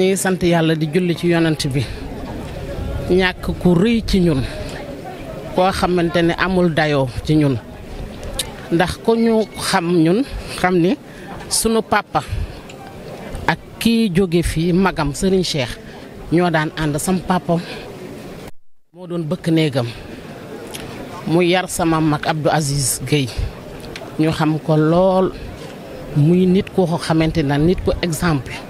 ñu ngi sant yàlla di julli ci yonant bi ñàkk ku rëy ci ñun koo amul dayo ci ñun ndax ku ñu xam ñun ni papa ak kii jóge magam Serigne Cheikh ñoo daan ànd sam papa moo doon bëkk néegam mu yar sama mak Abdou Aziz Gueye ñu xam ko lool muy nit koo xamante ne nit ku exemple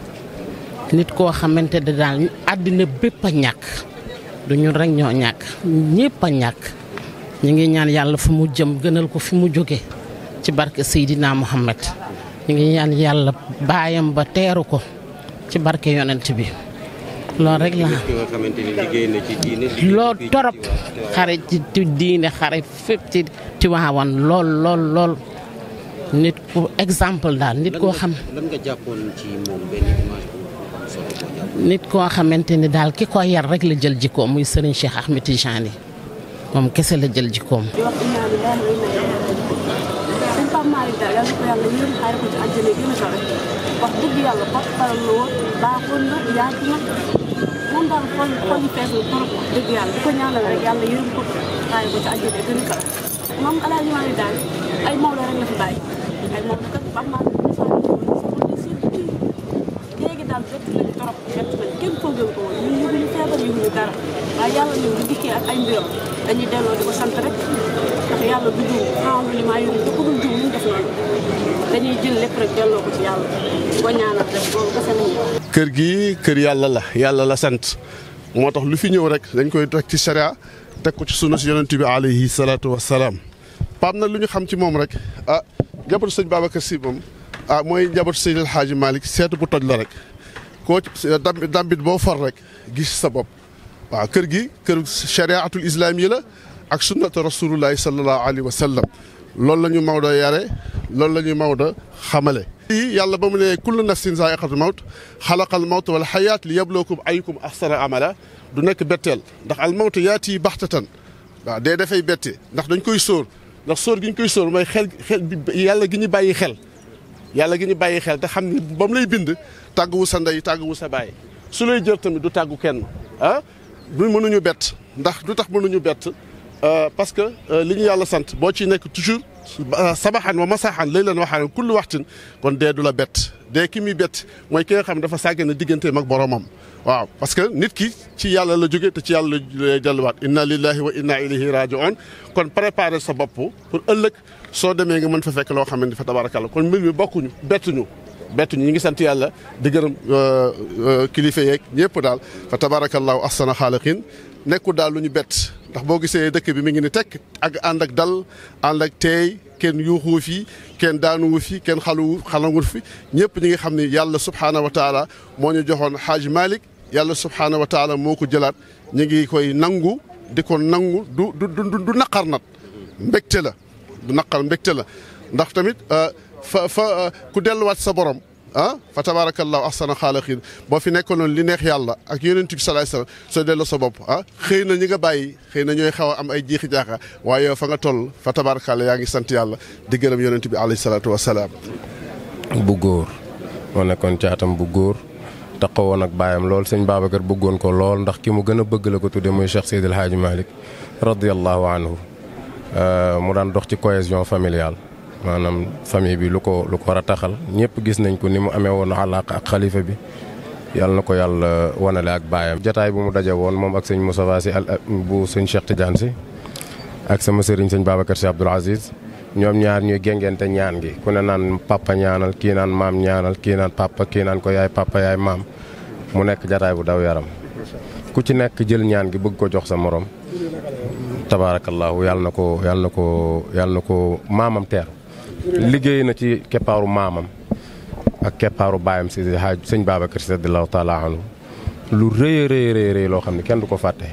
nit ko xamantene dal adina bepp ñak a du ñun rek ñoo ñak ñepp ñak ñi ngi ñaan yalla fu mu jëm gënal ko fu mu joggé ci barke sayidina Muhammad ñi ngi ñaan yalla bayam ba téru ko ci barke yonent bi lo rek la lo torop xare ci diine xare fépp ci Tiwaawan lol lol lol nit ko example daal nit ko xam lan nga jàppoon ci mom ben image nit koo xamante ni daal ki ko yar rekk la jël jikkoom muy Serigne Cheikh Ahmed Tidiane moom kese la jël jikkoom. wax dëgg yàlla ko faral la woon baaxoon na yaatu na moom daal xool fees na trop wax yàlla di ko ñaanal rek yàlla yërëm ko xaare ko ci àjjana gën a kaw moom alaaji maa ngi daal ay Maodo rek la fi bàyyi kër gi kër yàlla la yàlla la sant moo tax lu fi ñëw rek dañ koy teg ci sharia teg ko ci sunu si yonent bi alayhi salaatu wasalaam paam na lu ñu xam ci moom rek ah njabootu sëñ kër Si moom ah mooy njabootu sëñ El Hadji Malick seetu bu toj la rek koo dam dambit boo for rek gis sa bopp waaw kër gi kër chariatul islamiya la ak sunnata rasulullahi sallallahu alayhi wa sallam loolu la ñu Maodo yare loolu la ñu Maodo xamale lii yàlla ba mu ne kullu nafsin zaiqatul mawt xalaqal mawt wal xayaat li yablukum ayukum ahsana amala du nekk betteel ndax al mawt yaati baxtatan waaw dee dafay bette ndax dañ koy sóor ndax sóor gi ñu koy sóor mooy xel xel yàlla gi ñu bàyyi xel yàlla gi ni bàyyi xel te xam ni ba mu lay bind tàgguwu sa ndey tàgguwu sa baay su lay jël tamit du tàggu kenn ah du mënuñu bett ndax du tax mënuñu bett euh, parce que euh, li ñu yàlla sant boo ci nekk toujours euh, sabaxaan wa masaaxaan lay leen waxaan kullu waxtin kon dee du la bett de ki mi bet moy ki nga xam dafa sagge na digganteem mak boromam waaw parce que nit ki ci yàlla la jóge te ci yàlla la lay delluwaat inna lillahi wa inna ilayhi rajiun kon préparer sa bopp pour ëllëg soo demee nga mën fa fekk loo xam fa tabarakalla kon mbir mi bokkuñu bettuñu bettuñu ñu ngi sant yàlla di gërëm kilifa yeeg ñëpp daal fa tabarakallahu ahsana xaaliqin nekkul daal lu ñu bett ndax boo gisee dëkk bi mi ngi ni tekk ak ànd ak dal ànd ak teey كين يوهو في كين دانو في كين خلو خلو في نيب نيجي خمني يالله سبحانه وتعالى موني جهون حاج مالك يالله سبحانه وتعالى موكو جلات نيجي كوي نانغو ديكو نانغو دو دو دو دو دو نقرنات مبكتلا دو نقر مبكتلا ndax tamit euh, fa fa euh, ku delu wat sa borom ah fa tabaarakallaahu ahsana xaalaqiin boo fi nekkoon li neex yàlla ak yonent bi sa salaam soo sa bopp ah xëy na ñi nga bàyyi xëy na ñooy xaw a am ay jiixi jaaxa waaye fa nga toll fa tabaarakallaahu yaa ngi sant yàlla di gërëm yonent bi alayhi salaatu wasalaam bu góor moo nekkoon caatam bu góor taxawoon ak baayam lool sëñ Babacar bëggoon ko lool ndax ki mu gën a bëgg la ko tuddee muy Cheikh Seydil Hadji Malick radiyallaahu anhu euh, mu daan dox ci cohésion familiale. maanaam famille bi lu ko lu ko rataxal ñëpp gis nañ ko ni mu amee woon àllaaqa ak xalifa bi yàlla na ko yàlla wanale ak baayam jataay bu mu dajee woon moom ak sëñ Moustapha Sy al bu sëñ Cheikh Tidiane Sy ak sama sëriñ sëñ Babacar Sy Abdoul Aziz ñoom ñaar ñuy géngente ñaan gi ku ne naan papa ñaanal kii naan maam ñaanal kii naan papa kii naan ko yaay papa yaay maam mu nekk jataay bu daw yaram ku ci nekk jël ñaan gi bëgg ko jox sa moroom tabaarakallaahu yàlla na ko yàlla na ko yàlla na ko maamam teer liggéey na ci keppaaru maamam ak keppaaru baayam si xaaj sëñ Babacar Si radiyallaahu taala anhu lu rëy a rëy loo xam ni kenn du ko fàtte.